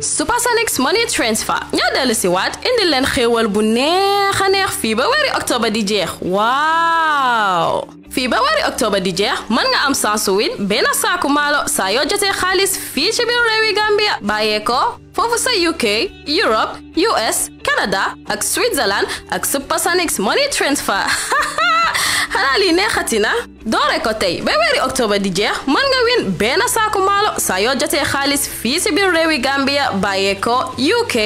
Supersonix Money Transfer ñoo dellu si waat indi leen xéewal bu neex fii ba weeri di jeex waaw fii ba weeri di jeex mën nga am sansu win benn saaku maalo saa yoo jotee Gambia bàyyee ko sa UK Europe US Canada ak Switzerland ak Supersonix Money Transfer xanaa lii neexati na doore ko tey ba weeri di jeex mën nga win benn saaku maalo saa yoo jotee xaalis fii si biir réewi Gambia bàyyee ko UK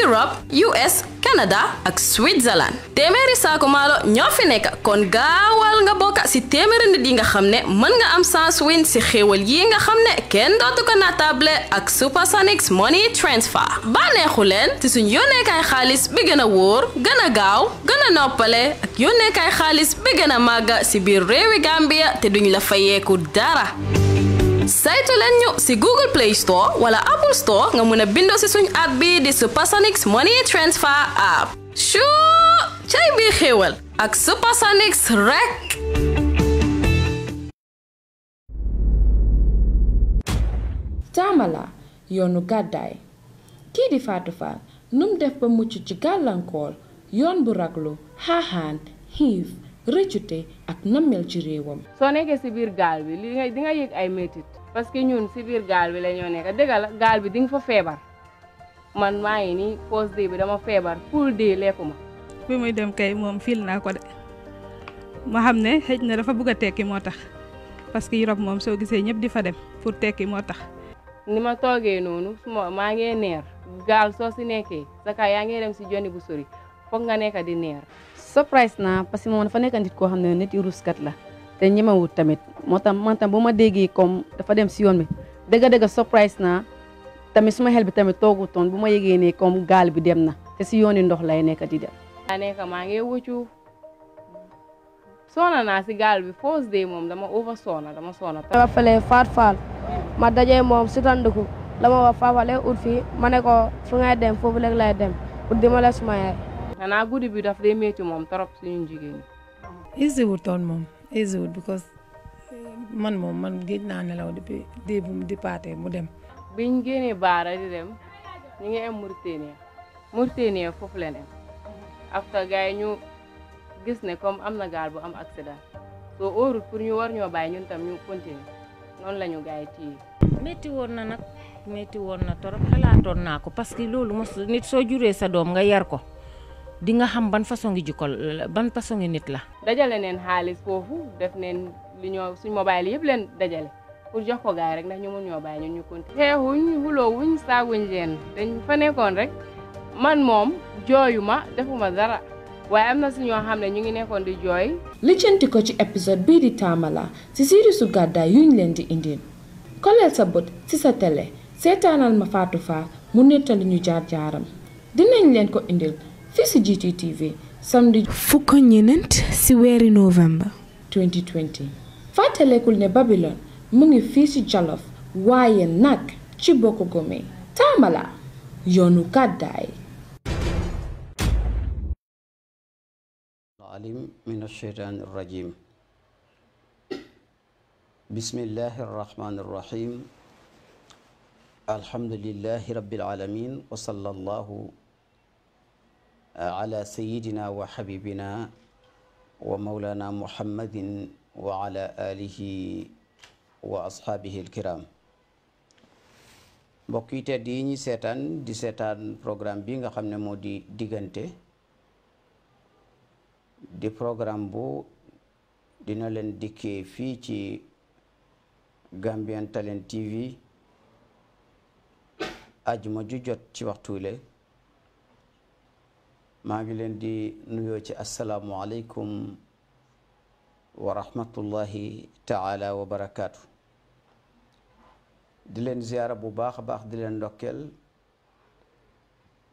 Europe US Canada ak Switzerland téeméeri saaku maalo ñoo fi nekk kon gaawal nga bokka si téeméeri nit yi nga xam ne mën nga am sans win si xéewal yi nga xam ne kenn dootu ko natable ak Supersonics Money Transfer bànneexu leen ci suñ yónneekaay xaalis bi gën a wóor gën a gaaw gën noppale ak yónneekaay xaalis maaga si biir réewi Gambia te duñ la fayeeku dara saytu leen si Google Play Store wala Apple Store nga mën a bindoo si app bi di Supersonic Money Transfer app shuu cay bii xéewal ak Supersonix rek taamala yonu gàddaay kii di Fatou Fall num def ba mucc ci gàllankoor yoon bu raglu xaaxaan xiif rëccute ak nammel ci réewam. soo nekkee si biir gaal bi li di nga yëg ay métit parce que ñun si biir gaal bi la ñoo nekk dëgg la gaal bi di nga fa feebar man maa ngi nii first day bi dama feebar full day lekkuma. bi muy dem kay moom fiil naa ko de ma xam ne xëj na dafa bugg a tekki moo tax parce que Europe moom soo gisee ñëpp di fa dem pour tekki moo tax. ni ma toogee noonu suma maa ngee neer gaal soo si nekkee sa kaa yaa ngee dem si jonni bu sori foog nga nekk di neer. surprise naa parce que moom dafa nekk nit koo xam ne nit yu ruskat la te ñemewut tamit moo tax man tam ma déggee kom dafa dem si yoon bi dëgg-dëgg surprise naa tamit suma xel bi tamit toogu toogutoon bu ma yegee nee comme gaal bi dem na te si yooni ndox lay nekk di dem. daa nekk maa ngi wuccu soona naa si gaal bi foos de moom dama over soona dama soona. dama fële faat faal ma dajee moom si tandiku la ma wax faafale ut fii ma ne ko fu ngay dem foofu léegi lay dem xanaa guddi bi daf dee métti moom trop suñu jigéen ñi. easy wut toon moom easy wut because eh, man moom man géej naa nelaw depuis dee bu di paatee mu dem. biñ génnee baara di dem ñu ngi am Mauritanie Mauritanie foofu la dem after gars yi ñu gis ne comme am na gaal bu am accident soo óorut pour ñu war ñoo bàyyi ñun tam ñu continuer noonu la ñu gars yi téye. métti woon na nag métti woon na torop xalaatoon naa ko parce que loolu mos nit soo juree sa doom nga yar ko. di nga xam ban façon ngi jikko ban façon ngi nit la. dajale neen xaalis foofu def neen li ñoo suñ mobile yëpp leen dajale pour jox ko gaay rek ndax ñu mun ñoo bàyyi ñu ñu continué. xeexuñ xuloowuñ saaguñ leen dañ fa nekkoon rek man moom jooyu ma defuma dara. waaye am na si ñoo xam ne ñu ngi nekkoon di jooy. lijjanti ko ci épisode bii di Tambala si sirisu gàddaay yuñ leen di indil koleel sa bët ci sa tele seetaanal ma Fatou Fall mu nettali ñu jaar jaaram dinañ leen ko indil fii si GTTV samedi. fukk ñenent si weeri novembre. fàttalekul ne Babylon mu ngi fi si Jolof waaye nag ci bokk gome taamala yoonu kàddaay. ala sayidina wa xabibina wa maulana muhammadin wa ala alihi wa asxaabihi alkiram mbokk yi tedd yi seetaan di seetaan programme bi nga xam ne moo di diggante di programme bu dina leen dikkee fii ci Gambian Talent TV ajuma ju jot ci waxtu le maa ngi leen di nuyoo ci asalaamualeykum wa rahmatullahi taala wa barakaatu di leen ziyaara bu baax a baax di leen ndokkeel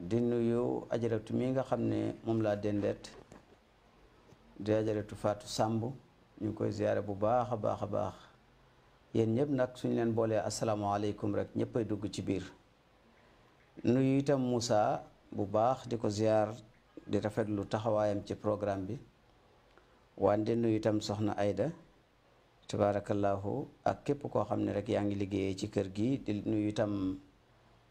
di nuyu ajaratu mi nga xam ne moom laa dendet di ajaratu Faatu Sàmb ñu koy ziyaara bu baax a baax a baax yéen ñëpp nag suñ leen boolee asalaamualeykum rek ñëpp ay dugg ci biir nuyu itam Moussa bu baax di ko ziyaar di rafetlu taxawaayam ci programme bi wande nuyu itam soxna ayda tabaarakallaahu ak képp koo xam ne rek yaa ngi liggéeyee ci kër gi di nuyu itam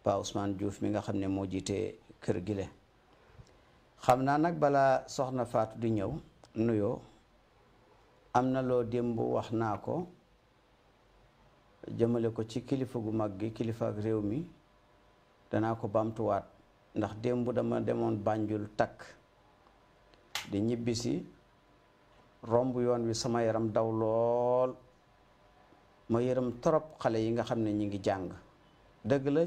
Pa Ousmane mi nga xam ne moo jiite kër gi le xam naa nag balaa soxna Faatu di ñëw nuyoo am na loo démb wax naa ko jëmale ko ci kilifa gu mag gi kilifa réew mi danaa ko bamtuwaat ndax démb dama demoon Banjul tak di ñibbisi romb yoon wi sama yaram daw lool ma yërëm trop xale yi nga xam ne ñi ngi jàng dëgg la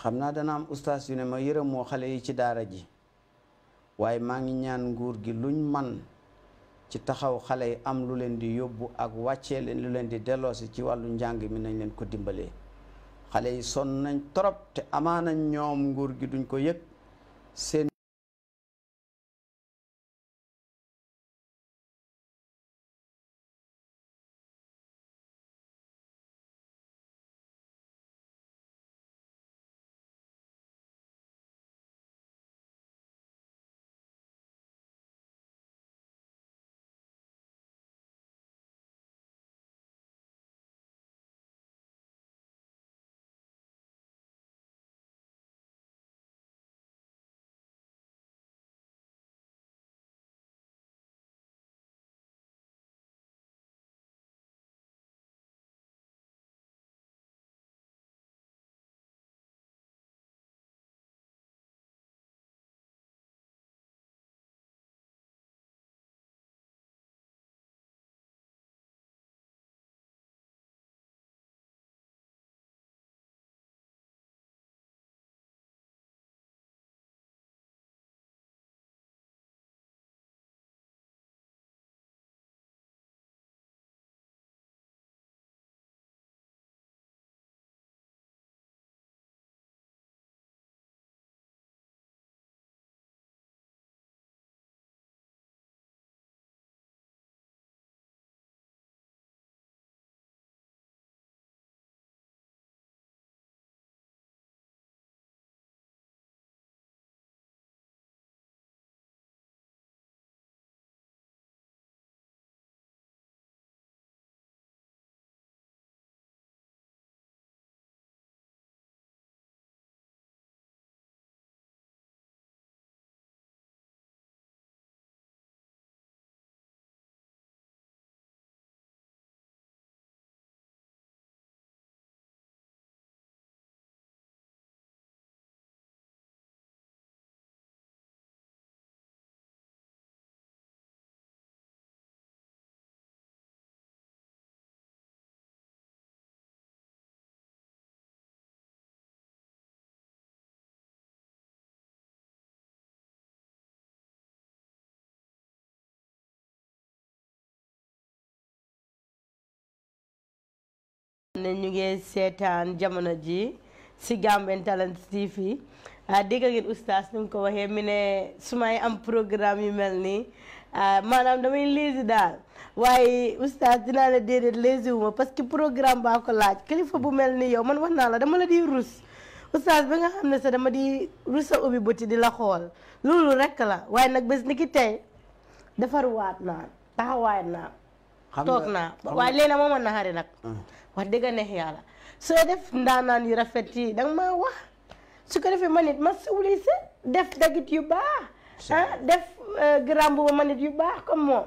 xam naa dana am ustaas yu ne ma yërëmoo xale yi ci daara ji waaye maa ngi ñaan nguur gi luñ man ci taxaw am lu leen di yóbbu ak wàccee leen lu leen di delloosi ci wàllu mi nañ leen ko xale yi sonn nañ torop te amaana ñoom nguur gi duñ ko yëg seen ne ñu ngi seetaan jamono ji si Gambian Talents TV ah, dégg ngeen oustaz ni mu ko waxee mi ne su may am programme yu mel ni nii ah, maanaam damay léegi daal waaye oustaz dinaa la déedéet léegi wu parce que programme baa ko laaj kilifa bu mel ni yow man wax naa la dama la di rus oustaz ba nga xam ne sa dama di rus a ubbi di la xool loolu rekk la waaye nag bés ni tey defar waat naa taxawaay naa toog naa waa léegi nag moo ma nag. wax dëgg neex yàlla soo def ndaanaan yu rafet yi danga maa wax su ko defee man it ma siwli si def dagit yu baax. Ah, def euh, garaam manit yu baax comme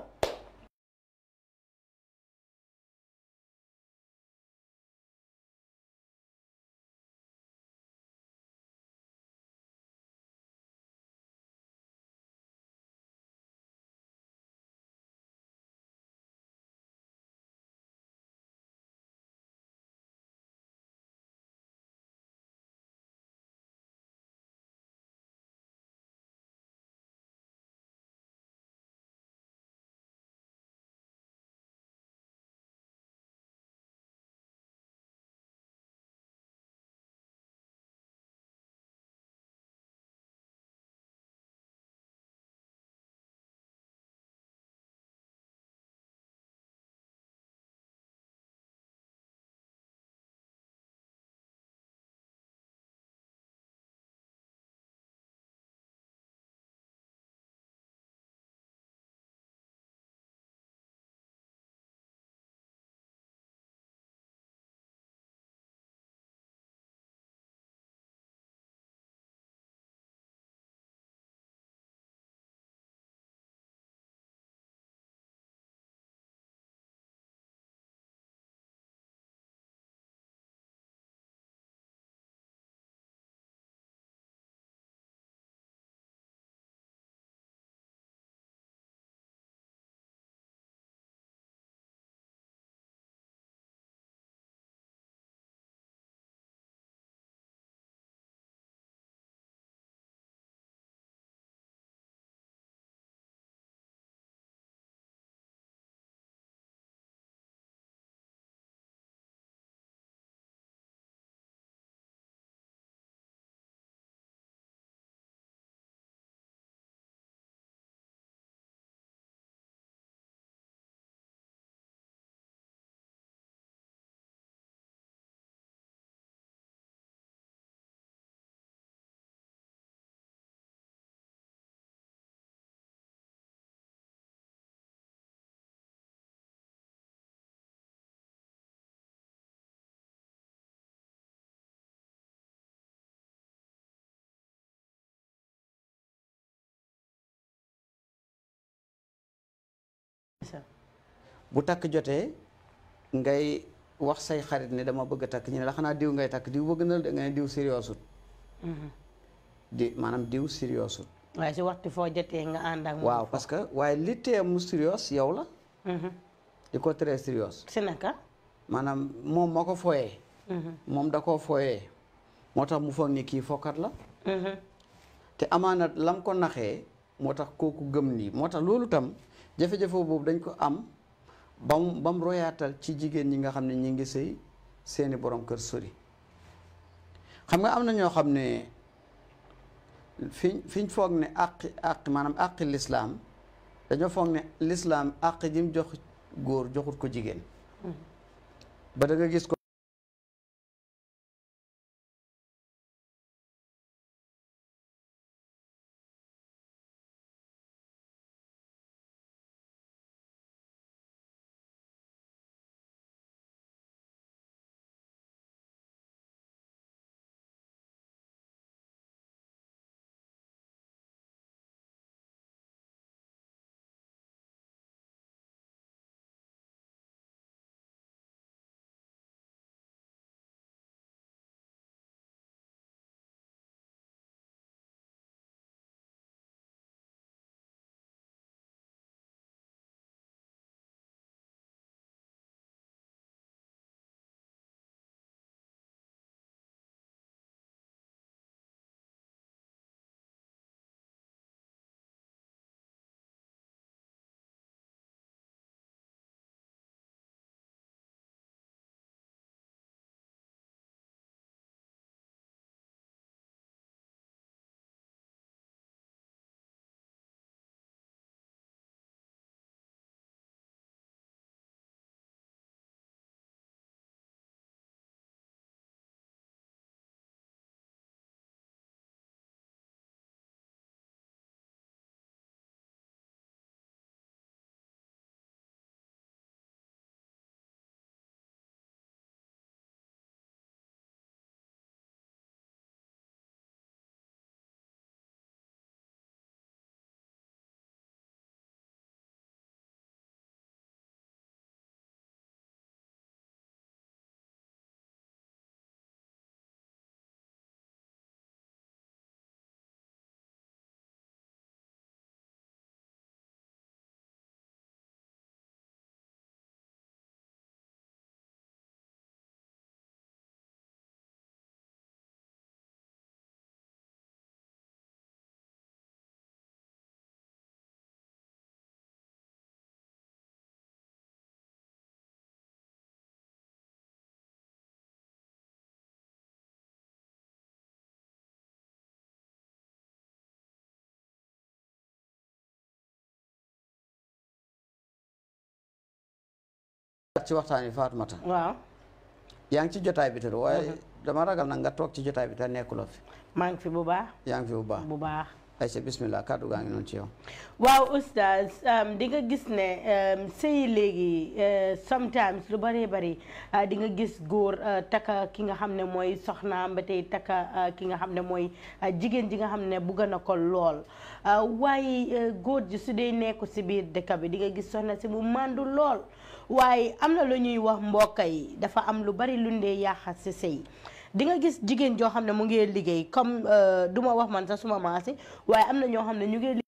bu takk jotee ngay wax say xarit ne dama bëgg a takk ñu ne la xanaa diw ngay takk diw bëgg na da nga ne diw sérieux mm-hmm. di maanaam diw sérieux ut. waaye si waxtu foo jotee nga ànd ak. waaw parce que waaye li tee mu la. Mm-hmm. di ko maanaam moom moo ko fooyee. Mm-hmm. moom da koo fooyee. moo tax mu foog ni kii fokkat la. te amaana lam ko naxee moo tax kooku gëm nii moo tax loolu tam jafe-jafe boobu dañ ko am. ba mu ba mu royaatal ci jigéen ñi nga xam ne ñi ngi sëy seeni borom kër sori xam nga am na ñoo xam ne fi fiñ foog ne àqi àqi maanaam àqi lislaam dañoo foog ne lislaam àqi jim jox góor joxut ko jigéen mm. ba da gis ko dikkaat ci waxtaan yi Fatoumata waaw yaa bi mhm. dama ragal nag nga toog ci jotaay bi te nekkuloo fi maa fi bu baax yaa ngi fi bu baax bu baax ayca bismillah kàddu gaa ngi noonu ci yow waaw oustaz di nga gis ne sëy léegi e, sometimes lu bëree bari di nga gis góor takka ki nga xam ne mooy soxnaam ba tey takka ki nga xam ne mooy jigéen ji nga xam ne bugg na ko lool waaye e, góor ji su dee nekku si biir dëkk bi di nga gis soxna si mu màndu lool waaye am na lu ñuy wax mbokka yi dafa am lu bari luñ dee yàqat si sëy di nga gis jigéen joo xam ne mu ngi liggéey comme euh, duma wax man sax suma maas maase waaye am na ñoo xam ne ñu ngi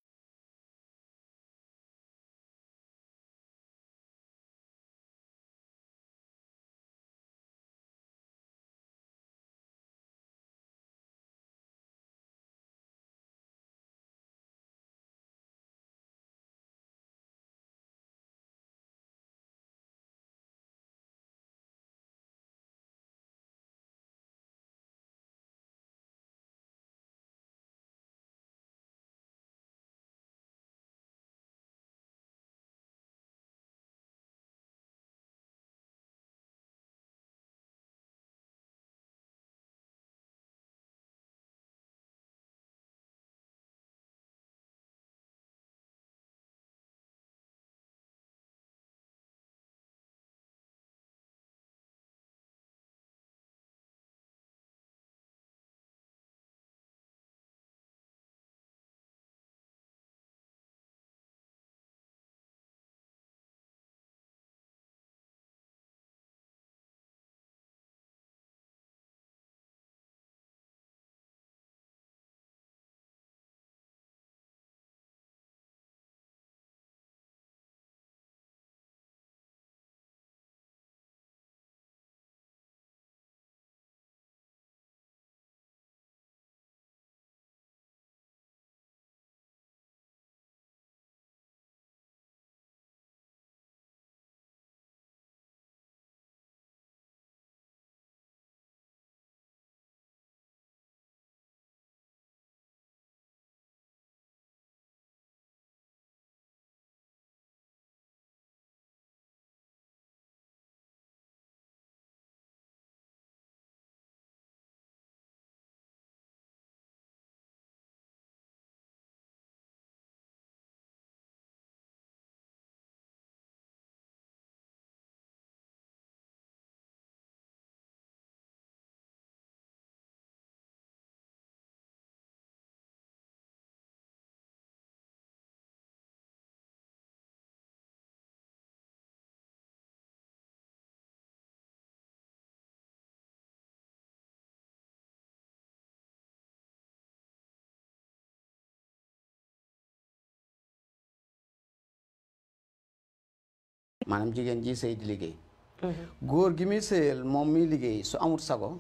maanaam jigéen ji sëy di liggéey mhm. góor gi muy sëyal moom muy liggéey su amul sago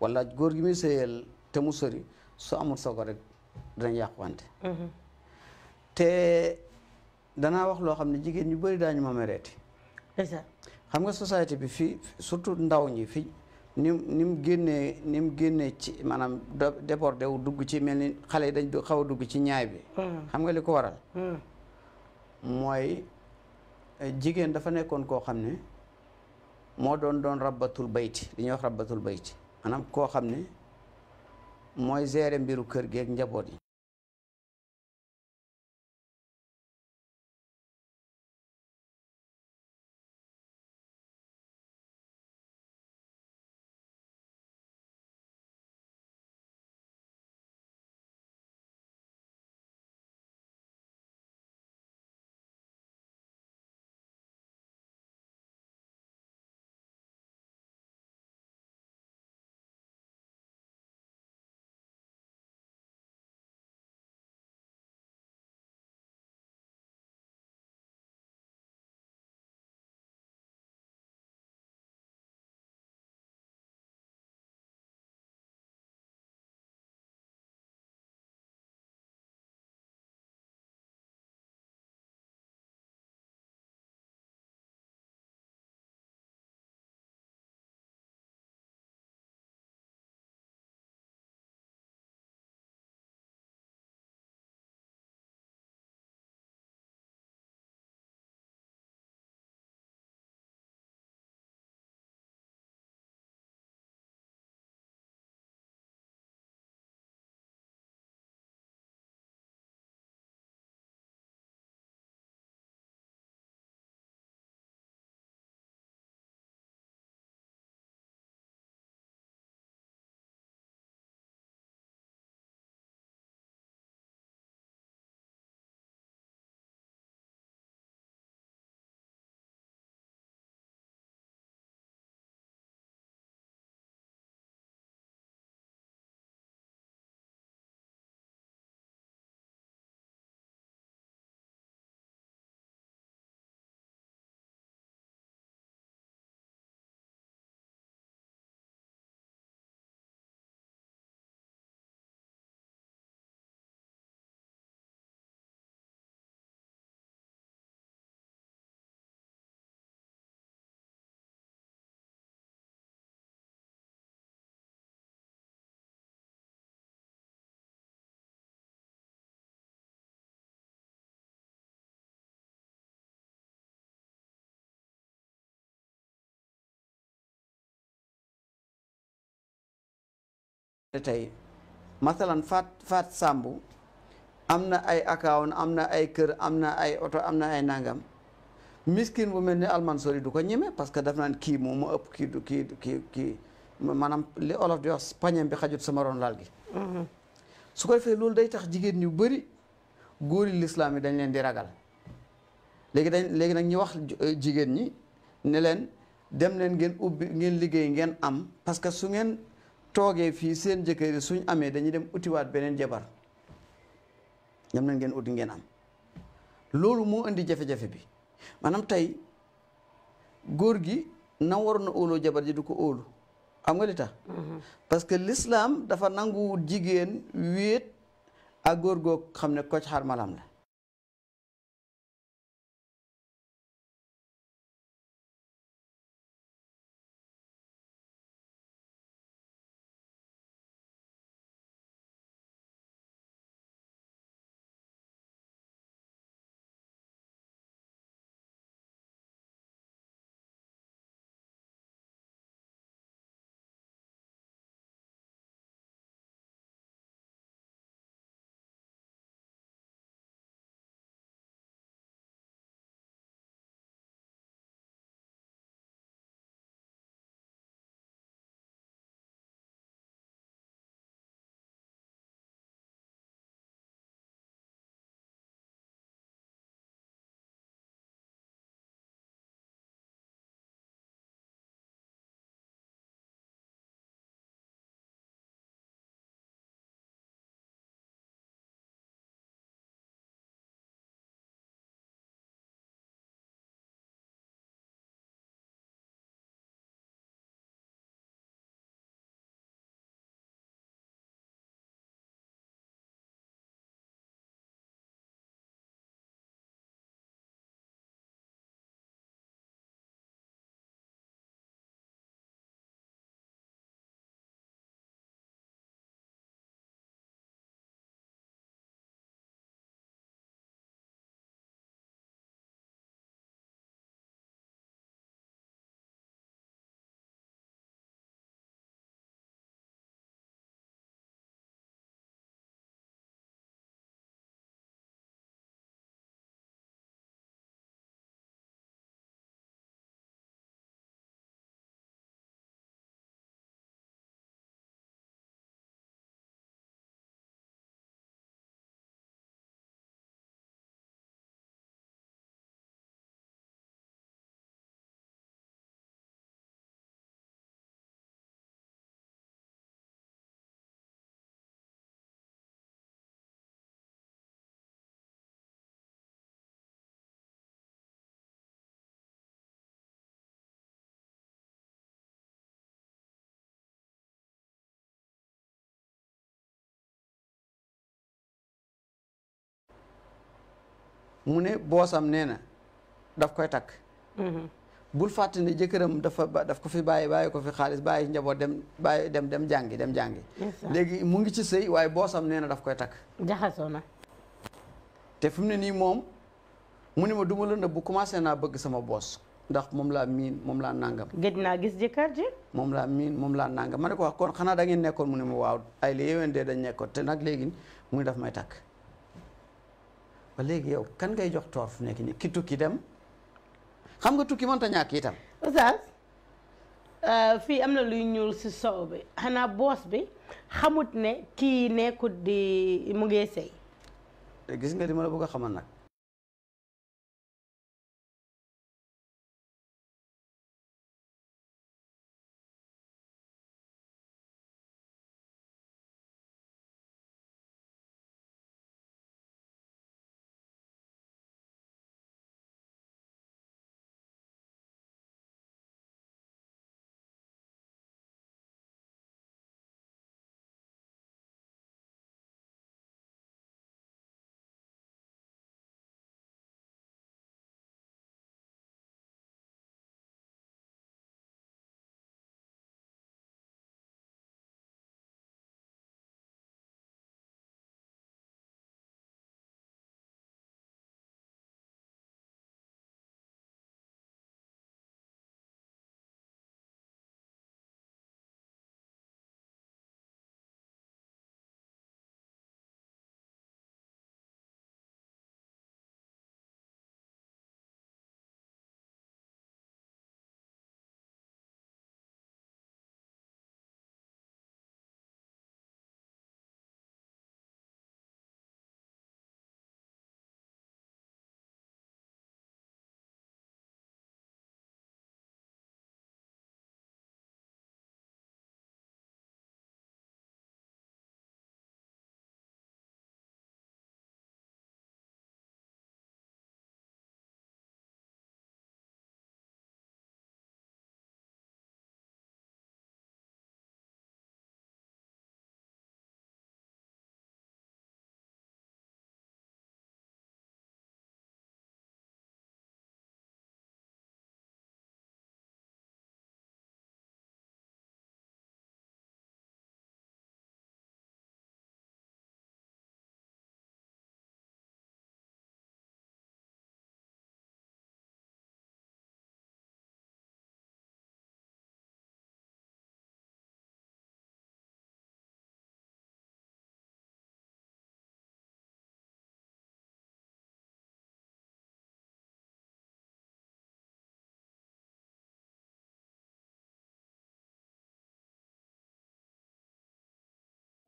wala góor gi muy sëyal te mu sori su amul sago rek dinañ yàquwante mhm. te danaa wax loo xam ne jigéen ñu bari daañ ma mereeti xam nga société bi fii surtout ndaw ñi fi ni ni mu génnee ni mu génnee ci maanaam déporté wu dugg ci mel ni xale yi dañ xaw dugg ci ñaay bi mhm. xam nga li ko waral mooy jigen dafa nekkon ko xamne mo don don rabatul bayt li ñu wax rabatul bayt maanaam ko xamne moy zere mbiru keur geek njabot te tey masalan Fat Fat sambu, amna na ay account amna na ay kër am na ay oto am ay nangam miskin bu mel alman Almansori du ko ñeme parce que daf naan kii moom moo ëpp kii du kii kii kii maanaam li olof di wax pañam bi xajut sama ron laal gi. Mm-hmm. su ko defee loolu day tax jigéen ñu bëri góori lislaam yi dañ leen di ragal dañ wax euh, ñi ne leen dem leen ngeen ubbi ngeen liggéey ngeen am parce que su ngeen. toogee fii seen jëkkër yi suñ amee dañuy dem utiwaat beneen jabar ñam na ngeen uti ngeen am loolu moo indi jafe-jafe bi maanaam tey góor gi na waroon na óoloo jabar ji du ko óolu xam nga li tax mhm. que l'islam dafa nangu jigéen wéet ak góor goo xam ne koc xarmalam la mu ne boosam nee na daf koy takk mm-hmm. bul fàtte ne jëkkëram dafa daf ko fi bàyyi bàyyi ko fi xaalis bàyyi njaboot dem bàyyi dem dem jàngi dem jàngi léegi mu ngi ci sëy waaye boosam nee na daf koy takk jaxasoo na te fi mu ne nii moom mu ne ma du ma la nëbb commencé naa bëgg sama boos ndax moom laa miin moom laa nangam gëj naa gis jëkkër ji moom laa miin moom laa nangam ma ne ko wax kon xanaa da ngeen nekkoon mu ne ma waaw ay la yéwén dee dañ nekkoon te nag léegi mu ne may takk ba léegi yow kan ngay jox toor fu nekk nii ki tukki dem xam nga tukki mënta ñàkk itam. oustaz euh, fii am na luy ñuul si sow bi xanaa boos bi xamut ne kii nekkut di mu ngi sëy. Eh, gis nga di ma la bëgg a xamal nag.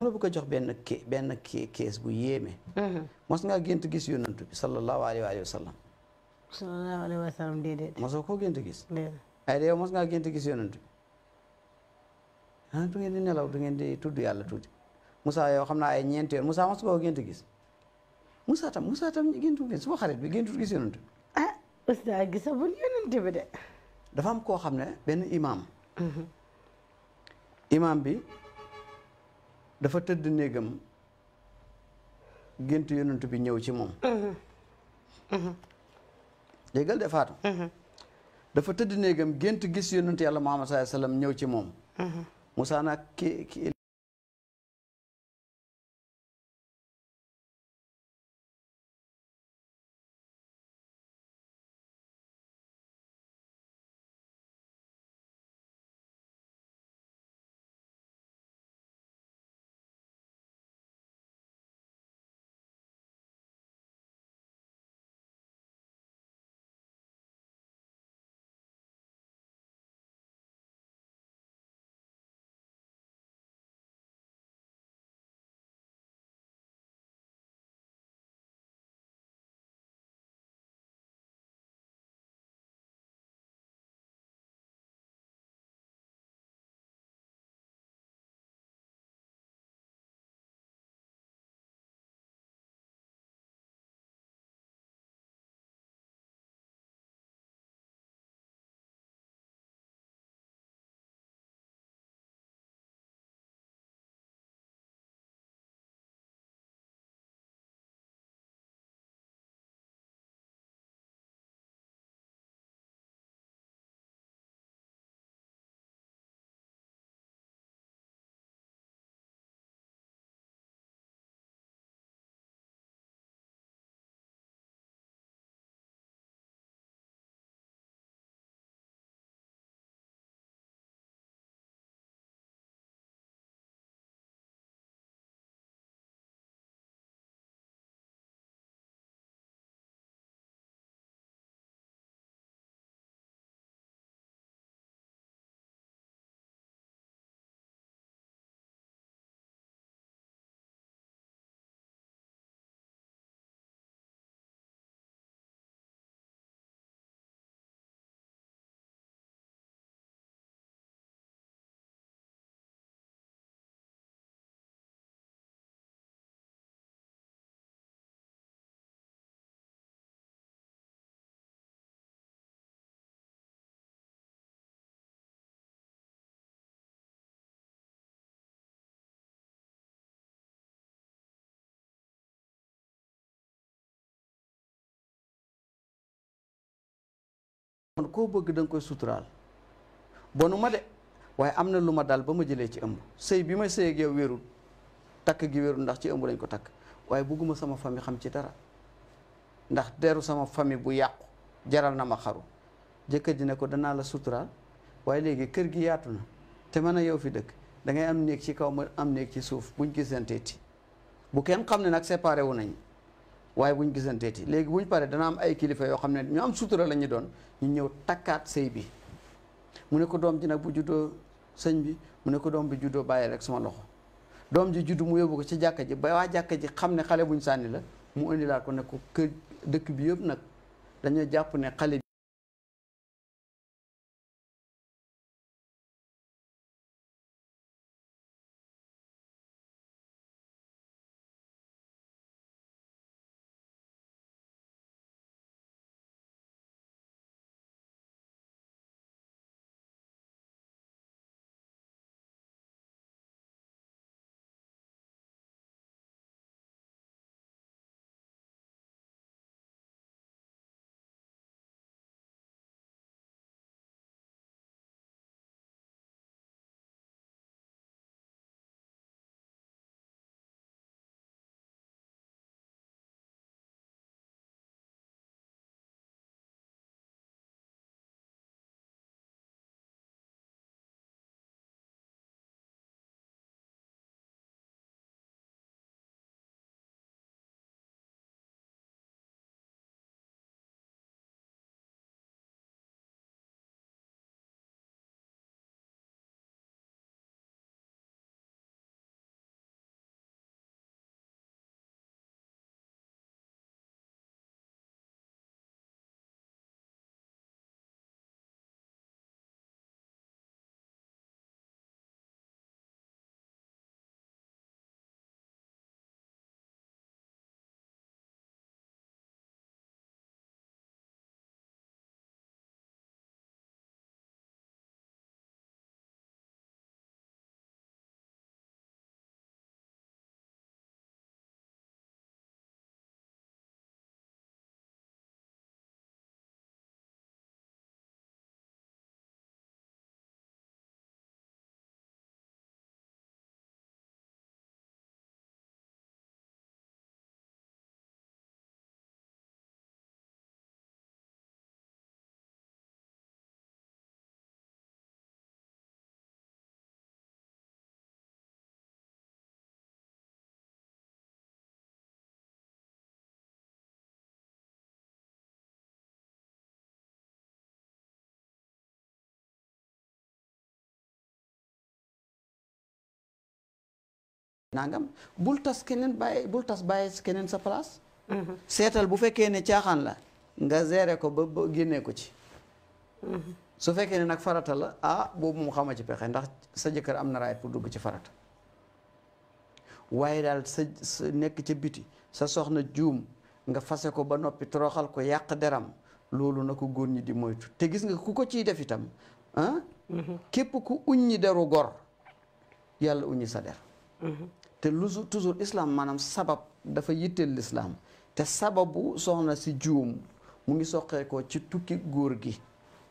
ma bëgg a jox benn kee benn kee kees bu yéeme. Mhm. mos ngaa gént gis yonent bi sallallahu alayhi wa sallam. sallallahu alayhi wa sallam déedéet. mosoo koo gént gis. ay de yow mos ngaa gént gis yonent bi. ah du ngeen di nelaw du ngeen di tudd yàlla tuuti Moussa yow xam naa ay ñeenti yoon Moussa mos koo gént gis. Moussa tam Moussa tam géntu gis suma xarit bi géntu gis yonent bi. ah oustaz gisagul yonent bi de. dafa am koo xam ne benn imam. Mhm. imam bi. dafa tëdd néegam gént yonent bi ñëw ci moom mhm. Mhm. déggal de Fatou mhm. dafa tëdd néegam gént gis yonent yàlla Muhammad sallallahu alayhi wasallam ñëw ci moom Moussa nag ki kon koo bëgg da nga koy sutural bonu ma de waaye am na lu ma daal ba ma jëlee ci ëmb sëy bi may sëy ak yow wérul takk gi wérul ndax ci ëmb lañ ko takk waaye bëgguma sama famille xam ci dara ndax deru sama famille bu yàqu jaral na ma xaru jëkkër ji ne ko danaa la sutural waaye léegi kër gi yaatu na te man a yow fi dëkk da ngay am néeg ci kaw ma am néeg ci suuf buñ gisante ti bu kenn xam ne nag séparé wu nañ waaye buñ gisanteeti léegi buñ paree dana am ay kilifa yoo xam ne ñu am sutura la ñu doon ñu ñëw takkaat sëy bi mu ne ko doom ji nag bu juddoo sëñ bi mu ne ko doom bi juddoo bàyyi rek sama loxo doom ji judd mu yóbbu ko ci jàkka ji ba waa jàkka ji xam ne xale bu buñ sànni la mu indilaat ko ne ko kër dëkk bi yëpp nag dañoo jàpp ne xale nangam bul tas keneen bàyyi bul tas bàyyi keneen sa place. Mhm. seetal bu fekkee ne caaxaan la nga gérer ko ba ba génnee ko ci. Mhm. su fekkee ne nag farata la ah boobu mu xama ci pexe ndax sa jëkkër am na raay pour dugg ci farata. waaye daal sa nekk ca biti sa soxna juum nga fase ko ba noppi toroxal ko yàq deram loolu na ko góor ñi di moytu te gis nga ku ko ciy def itam ah. Mhm. képp ku uññi deru gor yàlla uññi sa der. te lu toujours islam maanaam sabab dafa yitteel lislaam te sababu soxna si juum mu ngi soqeekoo ci tukki góor gi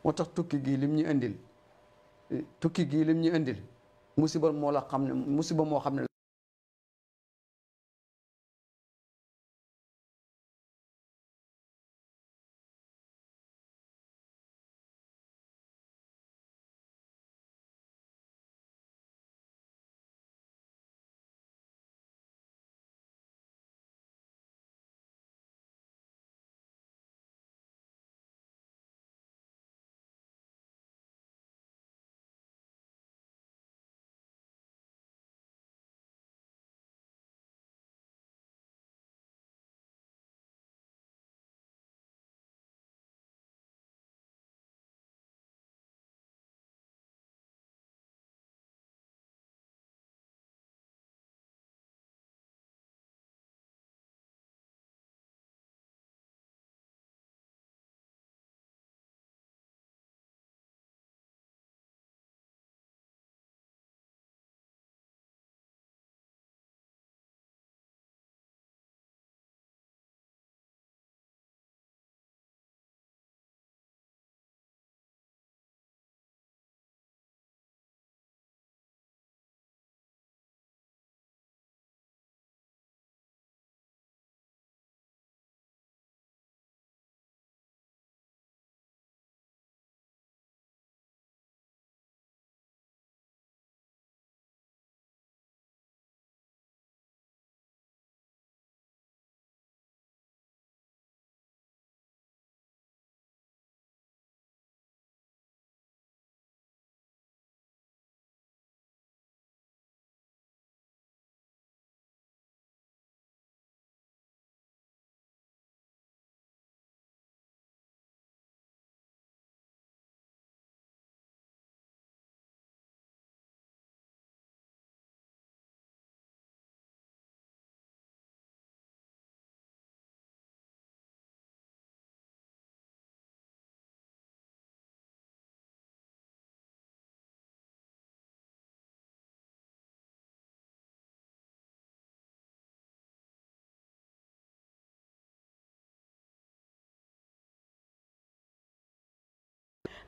moo tax tukki gii lim ñu indil tukki gii lim ñu indil musiba moo la xam ne musiba moo xam ne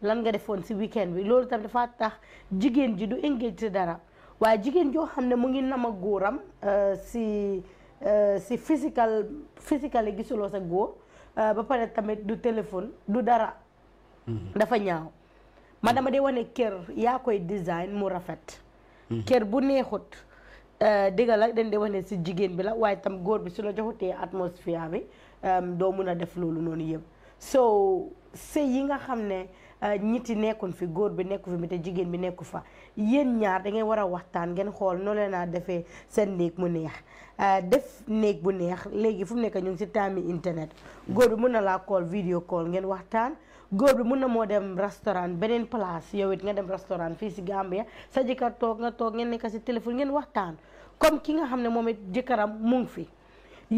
lan nga defoon si weekend bi loolu tam dafa tax jigéen ji du engage si dara waaye jigéen joo xam ne mu ngi nama góoram euh, si euh, si physical physical gisuloo sa góor euh, ba pare tamit du téléphone du dara. Mm-hmm. dafa ñaaw. man dama dee wane kër yaa koy design mu rafet. Mm-hmm. kër bu neexut dëgg la dañ dee wane si jigéen bi la waaye tam góor bi si la joxutee atmosphère bi doo mun a def loolu noonu yëpp so sëy yi nga xam ne. Euh, ñitti nekkuñ fi góor bi nekku fi mi te jigéen bi nekku fa yéen ñaar dangay ngeen a waxtaan ngeen xool noo leen a defee seen néeg mu neex euh, def néeg bu neex léegi fu mu nekk ñu ngi si taami internet góor bi mun na laa call video call ngeen waxtaan góor bi mun na moo dem restaurant beneen place yow it nga dem restaurant fii si Gambia sa jëkkër toog nga toog ngeen nekk si téléphone ngeen waxtaan comme ki nga xam ne moom it jëkkëram mu ngi fi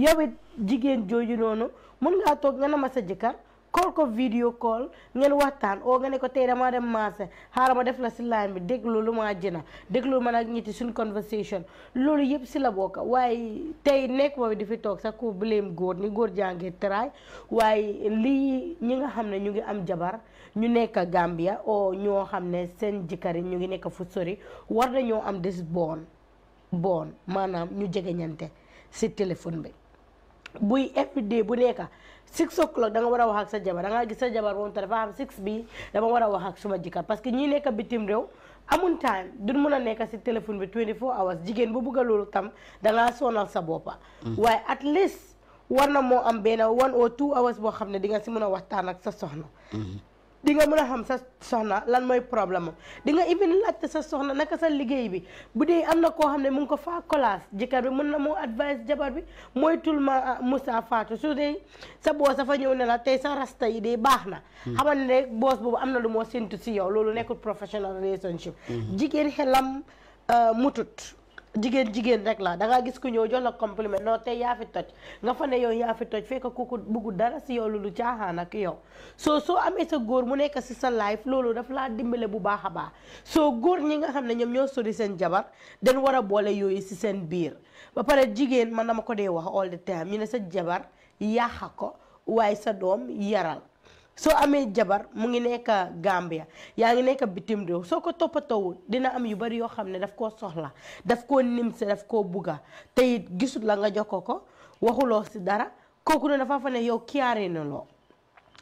yowit jigéen jooju noonu mun ngaa toog nga nama sa jëkkar call ko video call ngeen waxtaan oo nga ne ko tey damaa dem marché xaaral ma def la si line bi déglu lu maa jëna déglu man ak ñetti suñ conversation loolu yëpp si la bokk waaye tey nekk boobu di fi toog sax ko blame góor ni góor jàngee tëraay waaye lii ñi nga xam ne ñu ngi am jabar ñu nekk Gambia oo ñoo xam ne seen jëkkër yi ñu ngi nekk fu sori war nañoo am des boon bon maanaam ñu jegeñante si téléphone bi buy everyday bu nekka six o'clock da nga war a wax sa jabar da nga gis sa jabar moom te dafa am six bi dama war a wax suma jëkkër parce que ñi nekk bitim réew amun time duñ mun a nekk si téléphone bi 24 hours jigéen bu bugga loolu tam da ngaa sonal sa boppa mm. waaye at least war na moo am benn one or two hours boo xam ne di nga si mën a waxtaan ak sa soxna mm-hmm. di nga mën a xam sa soxna lan mooy problème am di nga even laajte sa soxna naka sa liggéey bi bu dee am na koo xam ne mu ngi ko faa kolaas jëkkër bi mën na moo advice jabar bi mooy tul ma ah, Moussa Fatou su dee sa boos dafa ñëw ne la tey sa rasta yi dee baax na hmm. xamal ne boos boobu am na lu moo séntu si yow loolu nekkul professional relationship hmm. jigéen xelam euh, mutut jigéen jigéen rek la da ngaa gis ku ñëw jox la compliment non tey yaa toj nga fa ne yow yaa fi toj fekk kooku bëggu dara si yow lu caaxaan ak yow soo soo amee sa góor mu nekk si sa life loolu daf laa dimbale bu baax a baax soo góor ñi nga xam ne ñoom ñoo sori seen jabar den war a boole yooyu si seen biir ba pare jigéen man dama ko dee wax all the time ñu ne sa jabar yàq ko waaye sa doom yaral soo amee jabar mu ngi nekk Gambia yaa ngi nekk bitim réew soo ko toppatoowul dina am yu bari yoo xam ne daf koo soxla daf koo nimse daf koo bugga te it gisul la nga jox ko ko waxuloo si dara kooku ne dafa fa ne yow kiyaare na loo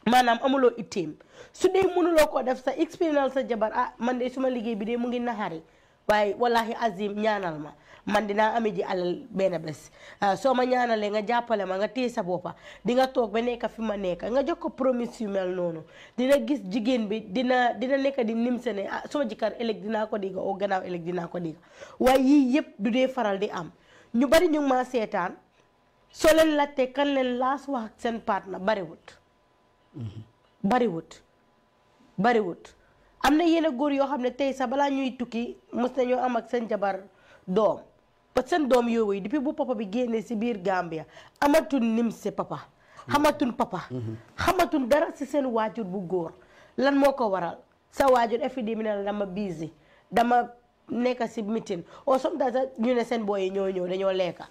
maanaam amuloo itteem su dee mënuloo ko def sa expérience sa jabar ah man de suma liggéey bi de mu ngi naxari waaye wallahi azim ñaanal ma man dinaa ami ji alal benn bés ah, soo ma ñaanalee nga jàppale ma nga téye sa boppa di nga toog ba nekk fi ma nekk nga jox ko promise yu mel noonu dina gis jigéen bi dina dina nekk di nim se ne ah soo jëkkër ëllëg dinaa ko diga oo oh, gannaaw ëllëg dinaa ko diga waaye yii yëpp du dee faral di am ñu bari ñu ngi maa seetaan soo leen laajtee kan leen laas wax ak seen partenaire bariwut mm-hmm. bariwut bariwut am na yenn góor yoo xam ne tey sax balaa ñuy tukki mos nañoo am ak seen jabar doom ba seen doom yooyu depuis bu papa bi génnee si biir Gambia amatuñ nim si papa. xamatuñ papa. xamatuñ dara si seen waajur bu góor lan moo ko waral sa waajur FID mi ne la dama busy dama nekk si meeting oo sometimes ñu ne seen booy yi ñoo ñëw dañoo lekka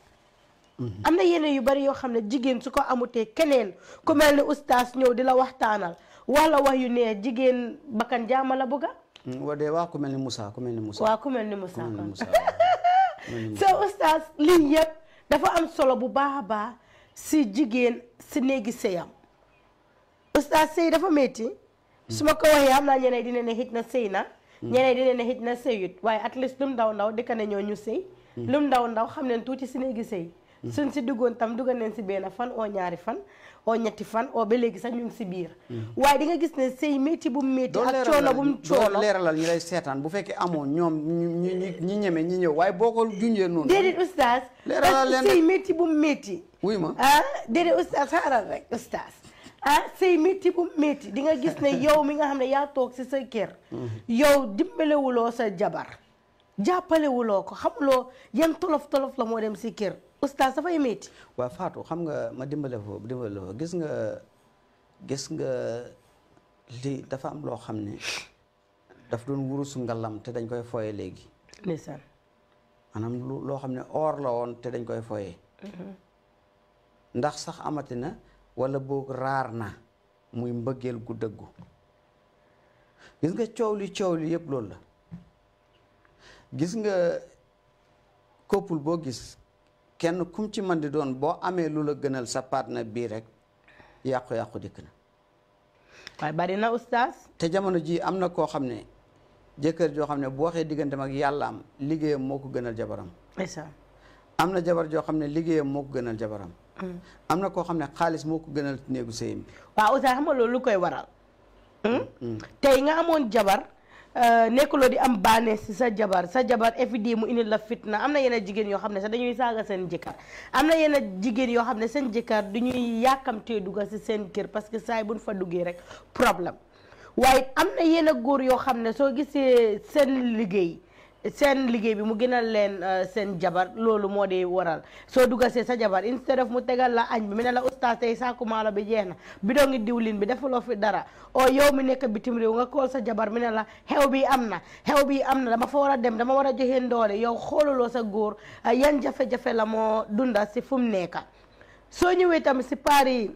am na yeneen yu bari yoo xam ne jigéen su ko amutee keneen ku mel ni ustaas ñëw di la waxtaanal wax la wax yu ne jigéen bakkan jaama la bëgga. Mm, wa de waa ku mel ni Moussa ku mel ni Moussa. waa ku mel Mm. so oustaz lii yëpp dafa am solo bu baax a baax si jigéen si néegi sëyam oustaz sëy dafa metti mm. su ma ko waxee xam naa ñeneen dina ne xëj na sëy na mm. ñeneen dina ne xëj na sëyut waaye at least lu mu ndaw di ka ne ñoo ñu sëy lu ndaw ndaw xam ne tuuti si néegi sëy suñ si duggoon tam dugga neen si benn fan oo ñaari fan oo ñetti fan oo ba léegi sax ñu ngi si biir mm-hmm. waaye di nga gis ne sëy métti bu mu métti ak bu mu seetaan bu fekkee amoon ñoom ñi ñi ñeme waaye boo ko junjee noonu déedéet oustaz leeralal leen sëy bu mu métti wuy ma ah déedéet oustaz xaaral rek oustaz ah sëy nga gis ne yow mi nga xam ne yaa toog si sa kër mm-hmm. yow dimbalewuloo sa jabar jàppalewuloo ko xamuloo yan tolof tolof la moo dem si kër oustaz dafay métti. waaw Fatou xam nga ma dimbale fo dimbale fo gis nga gis nga li dafa am loo xam ne daf doon wurusu ngalam te dañ koy foye léegi. ndeysaan. maanaam loo xam ne or la woon te dañ koy foye mm-hmm. ndax sax amati na wala boog raar na muy mbëggeel gu gis nga coow li coow li yëpp loolu la gis nga couple boo gis. kenn kum ci man di doon boo amee lu la gënal sa na bii rek yàqu-yàqu dikk na. waaye bari na oustaz. te jamono jii am na koo xam ne jëkkër joo xam ne boo waxee diggante ak yàlla am liggéeyam moo ko gënal jabaram. am na jabar joo xam ne liggéeyam moo ko gënal jabaram. Mm. am koo xam ne xaalis moo ko gënal néegu sëyam bi. waaw oustaz xam loolu koy waral. Hmm? Mm. tey nga amoon jabar. Euh, nekkuloo di am bànneex si sa jabar sa jabar fidi mu indil la fitna am na yenn jigéen yoo xam ne sa dañuy saaga seen jëkkër am na yenn jigéen yoo xam ne seen jëkkar du ñuy yàkkamtee dugga si seen kër parce que saa yi buñ fa duggee rek problème waaye am na yenn góor yoo xam ne soo gisee seen liggéey seen liggéey bi mu gënal leen euh, seen jabar loolu moo di waral soo see sa jabar instead of mu tegal la añ bi mu ne la oustaz tey saaku maalo bi jeex na bidon ngi diwlin bi defaloo fi dara yow mi nekk bitim réew nga kool sa jabar mu ne la xew bi am na xew bi am na dama fa war a dem dama war a joxe ndoole yow xooluloo sa góor euh, yan jafe la moo dunda si fu mu nekk soo ñëwee tamit si paari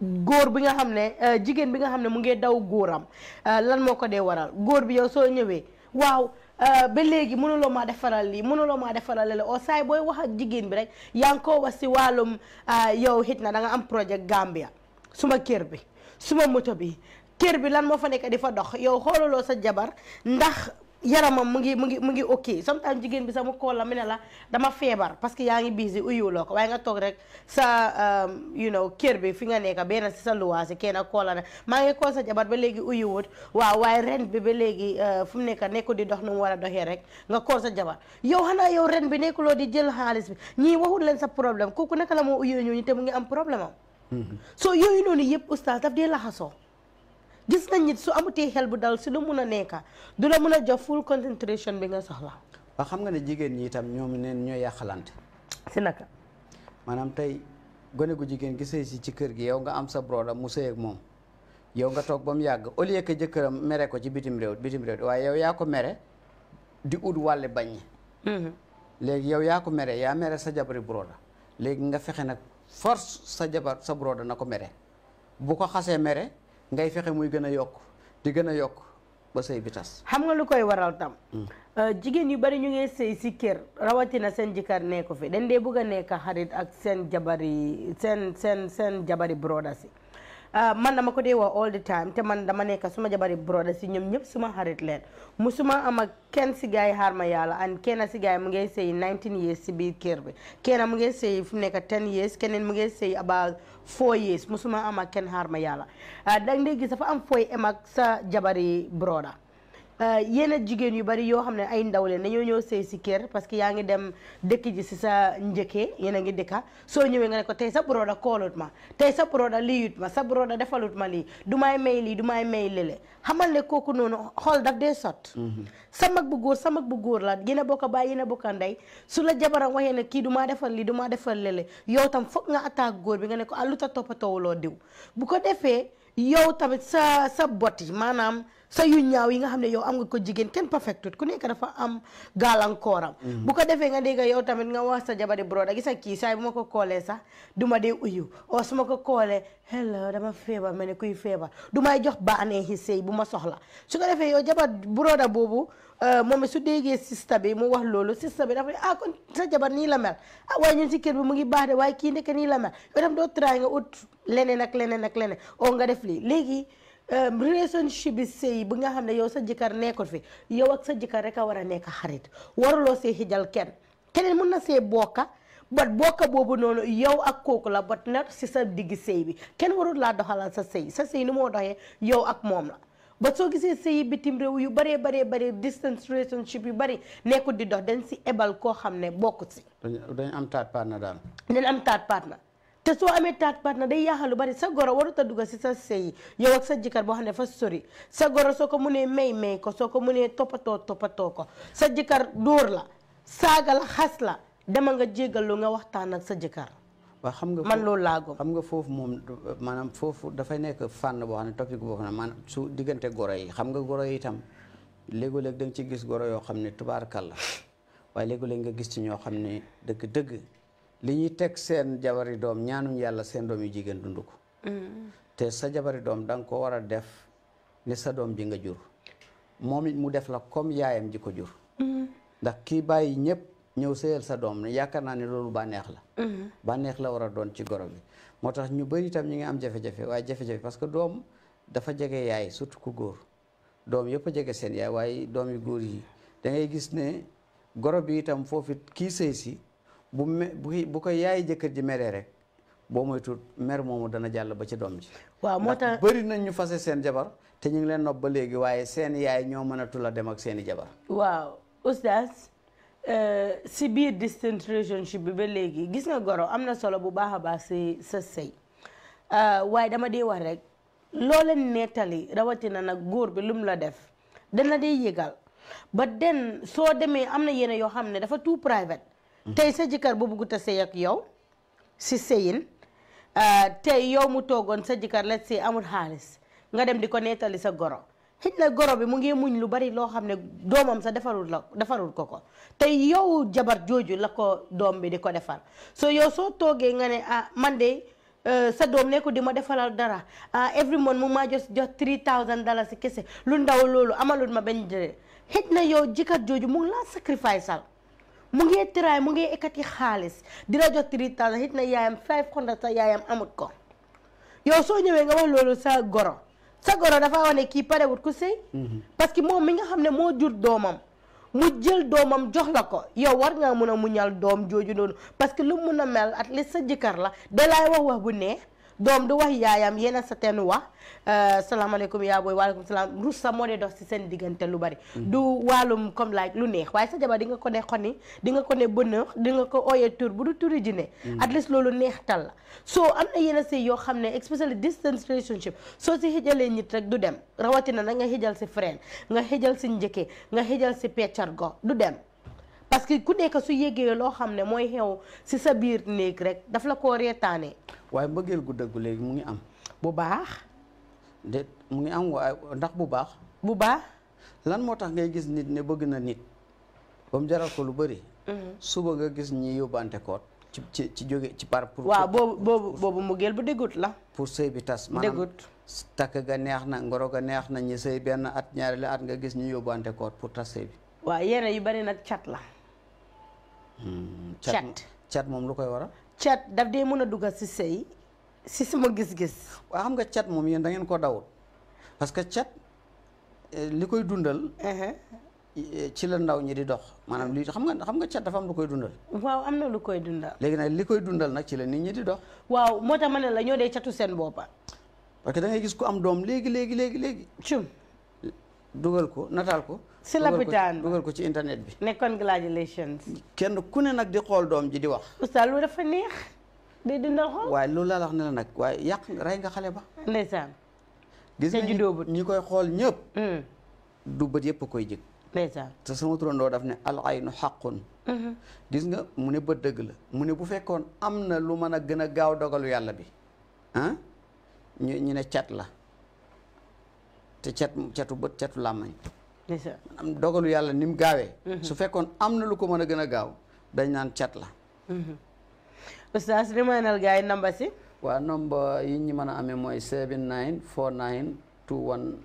góor bi nga xam ne euh, jigéen bi nga xam ne mu ngi daw góoram lan moo ko dee waral góor bi yow soo ñëwee waaw Euh, ba léegi mënuloo maa defaral lii mënuloo maa defaral la oo oh, saay booy wax ak jigéen bi rek yaa koo wax si wàllum euh, yow xit na da nga am projet Gambia suma kër bi suma moto bi kër bi lan moo fa nekk di fa dox yow xoolaloo sa jabar ndax yaramam mu ngi mu ngi mu ngi ok sometimes jigéen bi sama mu kool la mu ne la dama feebar parce que yaa ngi busy uyuwuloo ko waaye nga toog rek sa um, you know kër bi fi nga nekk benn si sa luwaasi kenn kool la ne maa ngi kool sa jabar ba léegi uyuwut waaw ren bi ba léegi uh, fu mu nekk nekku di dox nu mu war rek nga kool sa jabar yow xanaa yow ren bi nekkuloo di jël xaalis bi ñii waxul leen sa problème kooku naka la moo uyoo ñooñu te mu ngi am problème am. Mm-hmm. soo yooyu noonu yëpp oustaz daf dee laxasoo gis nañ nit su amutee xel bu dal si lu mun a nekka du la mun a jox full concentration bi nga soxla. waa xam nga ne jigéen ñi itam ñoom neen ñooy yàqalante. si naka. maanaam tey gone gu jigéen gi sëy si ci kër gi yow nga am sa broda mu sëy moom yow nga toog ba mu yàgg au lieu que jëkkëram mere ko ci bitim réew bitim réew waaye yow yaa ko mere di ut wàlli bañ. yi mm-hmm. léegi yow yaa ko mere yaa mere sa jabari broda léegi nga fexe nag force sa jabar sa broda na ko mere bu ko xasee mere. ngay fexe muy gën a yokk di gën a yokk ba sëy bi tas xam nga lu koy waral tam mm. euh, jigéen yu bari ñu ngi sëy si kër rawatina seen jëkkër nekku fi dañ dee bëgg a nekk ak seen jabari seen seen seen jabari broda si Euh, man dama ko dee woo all the time te man dama nekk suma jabari broda si ñoom ñëpp suma xarit leen mu suma am ak kenn si gars yi xaar ma yàlla and kenn si gars yi mu ngi sey 19 years si biir kër bi kenn mu ngi sey fu nekk 10 years keneen mu ngi sey about 4 years mu suma am ak kenn xaar ma yàlla euh, dang dee gis dafa am fooy em ak sa jabari broda Euh, yeneen jigéen yu bari yoo xam ne ay ndaw leen dañoo ñëw sëy si kër parce que yaa ngi dem dëkk ji si sa njëkkee yéen a ngi dëkka soo ñëwee nga ne ko tey sa broda koolut ma tey sa broda liyut ma sa broda defalut ma lii du may may lii du may may xamal ne kooku noonu xool daf dee sot mhm. sa mag bu góor sa bu góor la yéen a bokk baay bokk ndey su la jabaram waxee ne kii du maa defal lii du maa defal lële yow tam foog nga attaque góor bi nga ne ko ah lu tax toppatoowuloo diw bu ko defee yow tamit sa sa bot yi maanaam sa yu ñaaw yi nga xam ne yow am nga ko jigéen kenn perfectut ku nekk dafa am gàllankooram mm. bu ko defee nga dégg yow tamit nga wax sa jabari broda gis nga kii saay bu ma ko koolee sax du ma dee uyu oo su ma ko koolee hello dama feebar ma ne kuy feebar du may jox baaneexi sëy bu ma soxla su ko defee yow jabar broda boobu euh, moom su déggee sista bi mu wax loolu sista bi dafa ne ah kon sa jabar nii la mel ah waaye ñun si kër bi mu ngi baax de waaye kii nekk nii la mel yow doo try nga ut leneen leneen ak leneen oo nga def lii léegi Euh, relationship bi sëy bu nga xam ne yow sa jëkkër nekkul fi yow ak sa jëkkër rek a war a nekk xarit waruloo see xijal kenn keneen mun na se bokka bat bokka boobu noonu yow ak kooku la bat na si sa digg sey bi kenn warul laa doxalal sa sey sa sey nu moo doxee yow ak moom la ba soo gisee sëyi bitim réew yu baree baree baree distance relationship yu bari nekkul di dox dañ si ebal koo xam ne bokkut si dañ am taat partner am taat partner te soo amee taat baat na day yaaxalu bari sa goro warut a dugg si sa sëy yow ak sa jëkkër boo xam ne fa sori sa goro soo ko munee may may ko soo ko munee toppatoo toppatoo ko sa jëkkër dóor la saagal xas la dama nga jéggalu nga waxtaan ak sa jëkkër. waaw xam nga man loolu laa xam nga foofu moom maanaam foofu dafay nekk fànn boo xam ne topic boo xam ne maanaam su diggante goro yi xam nga goro itam léegoo-léeg da nga ci gis goro yoo xam ne tubaarkal la waaye léegoo-léeg nga gis ci ñoo xam ne dëgg-dëgg. li ñuy teg seen yi doom ñaanuñ yàlla seen doom yu jigéen dund ko mm. te sa jabar yi doom da nga ko war a def ni sa doom ji nga jur moom it mu def la comme yaayam ji ko jur mm. ndax kii bàyyi ñëpp ñëw sëyal sa doom yaakaar naa ne loolu bànneex la mm. bànneex la war a doon ci goro bi moo tax ñu bëri itam ñi ngi am jafe-jafe waaye jafe-jafe parce que doom dafa jege yaay surtout ku góor doom yëpp a jege seen yaay waaye doom yu góor yi dangay gis ne goro bi itam foofu kii sëy si bu me bu ko yaay jëkkër ji meree rek boo moytu mer moomu dana jàll ba ci doom ji. waaw moo tax bari nañ ñu fase seen jabar te ñu ngi leen nopp ba léegi waaye seen yaay ñoo mënatul a ak seen jabar. waaw oustaz euh, si biir distant relationship ba léegi gis nga goro am na solo bu baax a baax si sa sëy euh, waaye dama di wax rek loo leen nettali rawatina nag góor bi lum la def dana di yëgal ba den soo demee am na yenn yoo xam ne dafa tout private. tey sa jëkkër bu buggut a ak yow si sëyin euh, tey yow mu toogoon sa jëkkër la si amul xaalis nga dem di ko nettali sa goro xëj na goro bi mu ngi muñ lu bari loo xam ne doomam sa defarul la defarul ko ko tey yow jabar jooju la ko doom bi di ko defar so yow soo toogee nga ne ah man de euh, sa doom ne ko di ma defaral dara ah every month mu maa jox jox 3000 dollars si kese lu ndaw loolu amalul ma benn jëre xëj na yow jëkkër jooju mu ngi laa sacrifice al mu ngee tiraay mu ngee ekkati xaalis dina la jox three thousand hit na yaayam five hundred sa yaayam amut ko yow soo ñëwee nga wax loolu sa goro sa goro dafa wax ne kii parewut ku sëy mhm. parce que moom mi nga xam ne moo jur doomam mu jël doomam jox la ko yow war ngaa mun a muñal doom jooju noonu parce que lu mun a mel at least sa jëkkër la da laay wax wax bu neex doom du wax yaayam yéen a sa teen wax euh, salaamaaleykum yaa booy waaleykum salaam rus sa moo dee dox si seen diggante lu bari. Mm-hmm. du wàllum comme laaj lu neex waaye sa jabar di nga ko ne xoni di nga ko ne bënëx di nga ko ooyee tur bu du turi jinne mm-hmm. at least loolu neextal la soo am na yenn si yoo xam ne especially distance relationship soo si xëjalee nit rek du dem rawatina na nga xëjal si friend nga xëjal si njëkke nga xëjal si peccar go du dem parce que ku nekk su yégee loo xam ne mooy xew si sa biir néeg rek daf la koo reetaane. waaye bëggeel gu dëggu léegi mu ngi am. bu baax. déet mu ngi am waaye ndax bu baax. bu baax. lan moo tax ngay gis nit ne bëgg na nit ba mu jaral ko lu bëri. Mm-hmm. suba nga gis ñi yóbbante koot. ci ci ci jóge ci par. pour waaw boobu boobu boobu mbëggeel bu déggut la. pour sëy bi tas maanaam déggut. takk ga neex na ngoro ga neex na ñi sëy benn at ñaari la at nga gis ñu yóbbante koot pour tas sëy bi. waaw yenn yu bari nag cat la. cat cat moom lu koy waral. cat daf dee mën a dugal si sëy si sama gis-gis. waaw xam nga cat moom yéen da ngeen ko dawut parce que cat eh, li koy dundal. Uh-huh. Eh, ci la ndaw ñi di dox maanaam li xam nga xam nga cat dafa am lu koy dundal. waaw am na lu koy dundal. léegi nag li koy dundal nag ci la nit ñi di dox. waaw moo tax ma ne la ñoo dee catu seen boppa parce que da gis ku am doom léegi léegi léegi léegi. cum dugal ko nataal ko. si lapitaan dugal ko ci internet bi. ne congratulations. kenn ku ne nag di xool doom ji di wax. oustaz lu dafa neex. day dindal xool waaye loolu laa la wax ne la nag waaye yàq rey nga xale ba. ndeysaan. gis nga ñi koy xool ñëpp. Mm. du bët yëpp koy jëg. ndeysaan te sama turandoo daf ne al aynu xaqun. Mm-hmm. gis nga mu ne bët dëgg la mu ne bu fekkoon am na lu mën a gën a gaaw dogalu yàlla bi ah ñu ne cat la te cat catu bët catu làmmañ am dogalu yàlla ni mu gaawee mm-hmm. su fekkoon am na lu ko mën a gën a gaaw dañ naan cat la mm-hmm. oustaz rimanal gars yi number si waaw number yi ñu mën a amee mooy seven nine four nine two one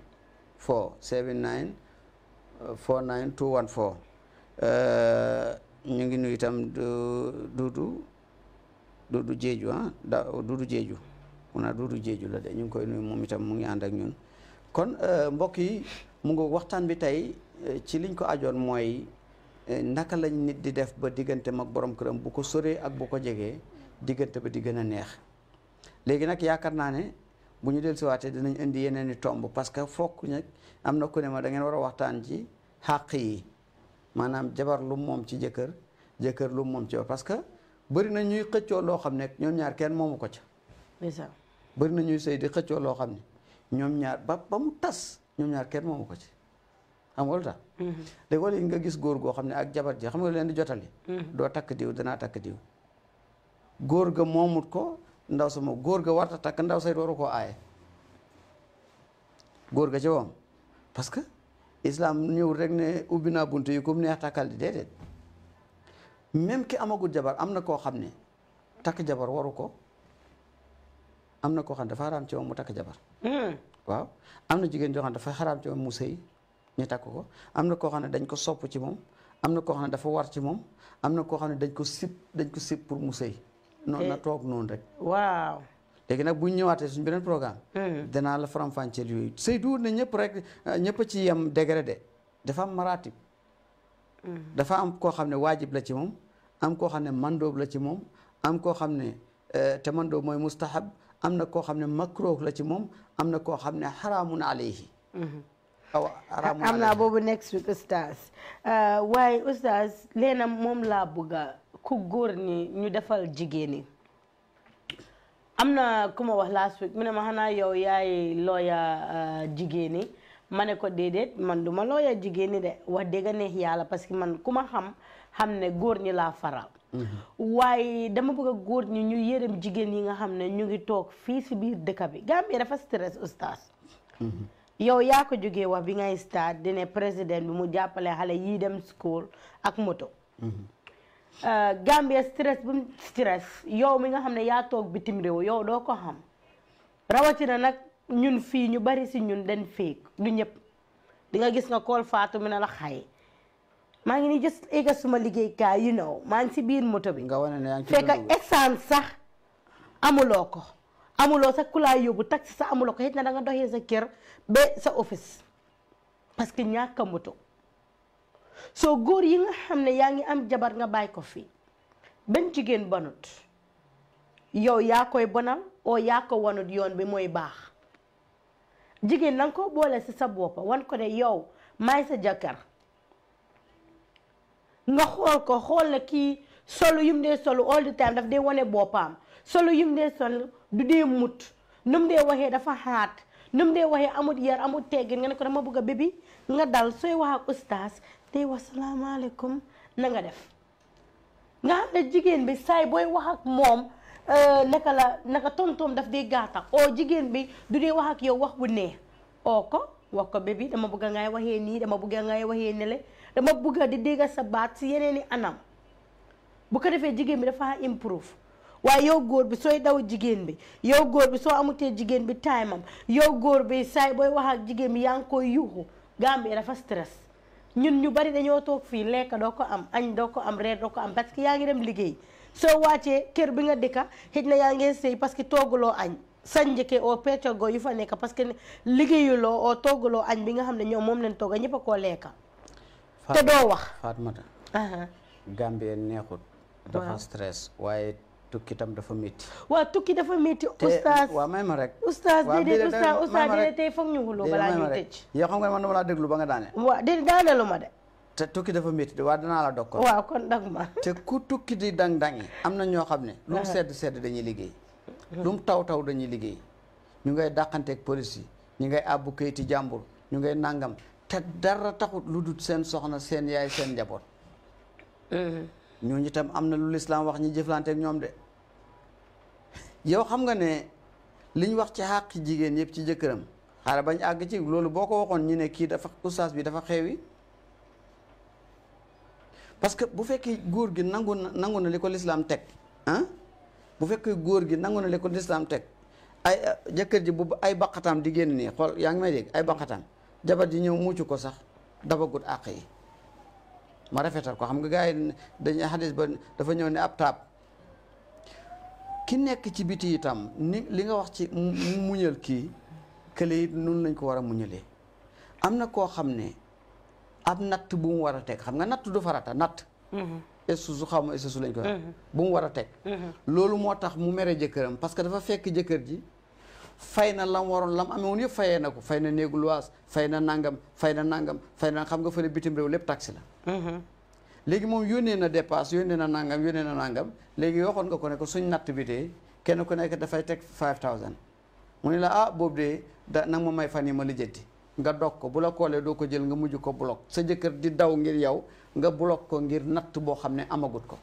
four seven nine four nine ñu ngi nuyu itam duudu duudu jeeju ah da duudu jeeju a du duudu jeeju la de ñu ngi koy nuyu moom itam mu ngi ànd ak ñun kon mbokk mu nga waxtaan bi tey eh, ci liñ ko ajoon mooy eh, naka lañ nit di def ba diggante mag borom këram bu ko soree ak bu ko jegee diggante ba di gën a neex léegi nag yaakaar naa ne bu ñu dellusiwaatee dinañ indi yeneen i tomb parce que fokk nag am na ku ne ma da war a waxtaan ji xàq yi maanaam jabar lu moom ci jëkkër jëkkër lu moom ci parce que bëri na ñuy xëccoo loo xam ne ñoom ñaar kenn moomu ko ca. bëri na ñuy sëy di xëccoo loo xam ne ñoom ñaar ba ba mu tas. ñoom ñaar kenn moomu ko ci xam nga lu tax mm-hmm. nga gis góor goo xam ne ak jabar ji xam nga leen di jotali mm-hmm. doo takk diw danaa takk diw góor ga moomut ko ndaw sa moom góor ga warta takk ndaw sayt waru koo aaye ga ci que islam ñëw rek ne ubbi naa buntu yi comme neex takkal di déedéet même ki amagul jabar am na koo xam ne takk jabar waru ko am na koo xam ne dafa araam ci moom mu takk jabar mm-hmm. waaw am na jigéen joo ne dafa xaraam ci moom mu sëy ñu takk ko am na koo xam ne dañ ko sopp ci moom am na koo xam ne dafa war ci moom am na koo xam ne dañ ko sib dañ ko sib pour mu sëy noonu na toog noonu rek waaw léegi nag bu ñëwaatee suñu beneen programme hmm. danaa la faram-fàcceel yooyu sëy duur ñëpp rek ñëpp ci yem degré de dafa am maratib hmm. dafa am koo xam ne waajib la ci moom am koo xam ne mandoob la ci moom am koo xam ne eh, te mandoob mooy mustahab am na koo xam ne makruh la ci moom am na koo xam ne xaraamun alayhi waaw mhm. am naa boobu next week oustaz euh, waaye oustaz leena moom laa bëgga ku góor ni ñu defal jigéen ñi am na ku ma wax last week mu ma xanaa yow yaay looya euh, jigéen ñi ma ne ko déedéet man duma ma looya jigéen ñi de wax dëgg neex yàlla parce que man ku ma xam xam ne góor ñi laa fara Mm-hmm. waaye dama bëgg a góor ñi ñu yërëm jigéen yi nga xam ne ñu ngi toog fii si biir dëkk bi Gambia dafa stress oustaz mm-hmm. yow yaa ko jógee wax bi ngay start di ne président bi mu jàppale xale yii dem school ak moto mm-hmm. uh, Gambia stress bu mu stress yow mi nga xam ne yaa toog bitim réew yow doo ko xam rawatina nag ñun fii ñu bari si ñun den féeg du ñëpp di nga gis nga kool faatu mi ne la xay maa ngi nii just éega suma liggéeykaay you know maa ngi si biir moto bi. nga wane ne yaa ngi ci fekk sax amuloo ko amuloo sax ku laa yóbbu taxi sax amuloo ko da nga doxee sa kër ba sa office parce que ñàkk a moto soo góor yi nga xam ne yaa ngi am jabar nga bàyyi ko fii benn jigéen bonut yow yaa koy bonal oo yaa ko wanut yoon bi mooy baax jigéen na ko boole si sa boppa wan ko ne yow maay sa jëkkër nga xool ko xool la kii solo mu dee solo all the time daf dee wane boppam solo yum dee solo du dee mut nu mu dee waxee dafa xaat nu mu dee waxee amut yar amut teggin nga ne ko dama bëgg a bébi nga dal sooy wax ak ustaas tey wasalaamaaleykum na nga def nga xam ne jigéen bi saay booy wax ak moom euh, naka la naka tontoom daf dee gàtta oo jigéen bi du dee wax ak yow wax bu neex oo ko wax ko bébi dama bëgg a ngay waxee nii dama bëgg a ngay waxee nele dama bëgg di dégg sa baat si yeneeni anam bu ko defee jigéen bi dafa improve waaye yow góor bi sooy daw jigéen bi yow góor bi soo amutee jigéen bi time am yow góor bi saay booy wax ak jigéen bi yaa ngi koy yuuxu Gambie dafa stress ñun ñu bari dañoo toog fii lekk doo ko am añ doo ko am reer doo ko am parce que yaa ngi dem liggéey soo wàccee kër bi nga dëkka xëj na yaa ngi sëy parce que tooguloo añ sa njëkke oo pecco go yu fa nekk parce que liggéeyuloo tooguloo añ bi nga xam ne ñoom moom leen tooga ñëpp a koo lekka te doo wax Fatmata uh-huh. Gambie neexut dafa stress waaye tukki tam dafa métti waaw tukki dafa métti oustaz waaw may ma rek oustaz déedéet oustaz oustaz déedéet tey foog ñu xuloo balaa ñu nga man dama déglu ba nga daane waaw ma de te tukki dafa métti de waa danaa la dog ko kon dag te ku tukki di dang-dangi am na ñoo xam ne lu mu uh-huh. sedd sedd dañuy liggéey uh-huh. lu mu taw taw dañuy liggéey ñu ngay dàqanteeg police yi ñu ngay àbbu kayiti jàmbur ñu ngay nàngam te dara taxut lu dul seen soxna seen yaay seen njaboot. Eh. ñooñu itam am na lu lislaam wax ñi jëflanteek ñoom de. yow xam nga ne liñ wax ci xàq jigéen yëpp ci jëkkëram xaaral bañ àgg ci loolu boo ko waxoon ñu ne kii dafa ustaas bi dafa xewi parce que bu fekkee góor gi nangu na nangu na li ko lislaam teg ah bu fekkee góor gi nangu na li ko lislaam teg ay jëkkër ji bu ay baqatam di génn nii xool yaa ngi may dégg ay baqatam jabar ji ñëw mucc ko sax dabagut àq yi ma rafetal ko xam nga gars yi dañuy xadis ba dafa ñëw ne ab taab ki nekk ci biti itam ni li nga wax ci muñal kii kële it lañ ko war a muñalee am na koo xam ne ab natt bu mu war a teg xam nga natt du farata natt mm-hmm. essu su xaw ma essu lañ ko mm-hmm. bu mu war a teg mm-hmm. loolu moo tax mu mere jëkkëram parce que dafa fekk jëkkër ji fay na lam waroon lam amee woon yëpp fayee na ko fay na néegu luwaas fay na nangam fay na nangam fay na xam nga fële bitim réew lépp taxi la mm-hmm. léegi moom yónnee na dépasse yónnee na nangam yónnee na nangam léegi waxoon nga ko ne suñ natt bi dee kenn ku nekk dafay teg 5000 mu ne la ah boobu dee da nag ma may fan yi ma lijjanti nga dog ko bu la koolee doo ko jël nga mujj ko bloc sa jëkkër di daw ngir yow nga bloc ko ngir natt boo xam ne amagut ko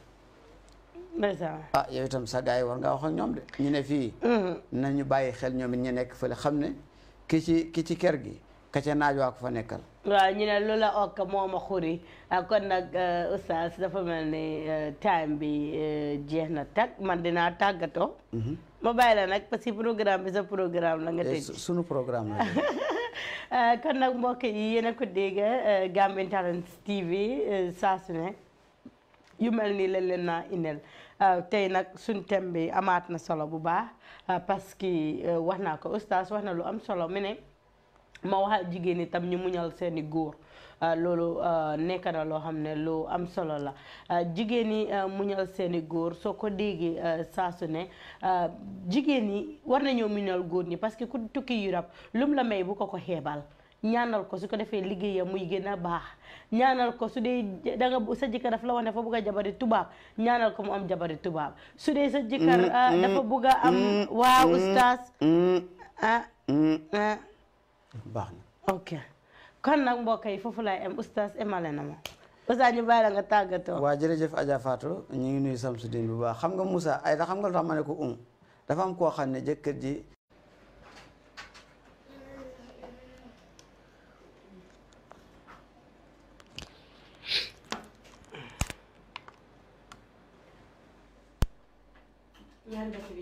ndeysaan ah yow itam sa gars yi war ngaa wax ak ñoom de ñu ne fii mm-hmm. nañu bàyyi xel ñoom it ñu nekk fële xam ne ki ci ki kër gi ka ca naaj waa ko fa nekkal waaw ñu ne lu la okk moom a xuri ah, kon nag euh, oustaz dafa mel ni euh, time bi euh, jeex na tag man dinaa tàggatoo mm-hmm. ma bàyyi la nag parce que programme bi sa la nga eh, tëj sunu programme la kon nag mbokk yi yéen a ko dégg TV saa yu mel ni lañ leen naa Euh, tey nag suñ thème amaat na solo bu baax euh, parce que euh, wax naa ko oustaz wax na lu am solo mu ne ma waxal jigéen itam ñu muñal seeni góor loolu nekk na loo xam ne lu am solo la jigéen ñi muñal seeni góor soo ko déggee saa su ne jigéen ñi war nañoo muñal góor ñi parce que ku tukki Europe lum la may bu ko ko xeebal ñaanal ko su ko defee liggéeyam muy gën a baax ñaanal ko su dee da sa jëkkër dafa la wax ne dafa bëgg a jabari tubaab ñaanal ko mu am jabari tubaab su dee sa jëkkër mm, ah, mm, dafa bëgg a am mm, waa ustaas ah, ah baax na ok kon nag mbokk yi foofu laay am ustaas emale na ma Moussa ñu bàyyi la nga tàggatoo. waa jërëjëf Adja Fatou ñu ngi nuyu Samsudin bu baax xam nga Moussa ay da xam nga lu tax ma ne ko um dafa am koo xam ne jëkkër ji had the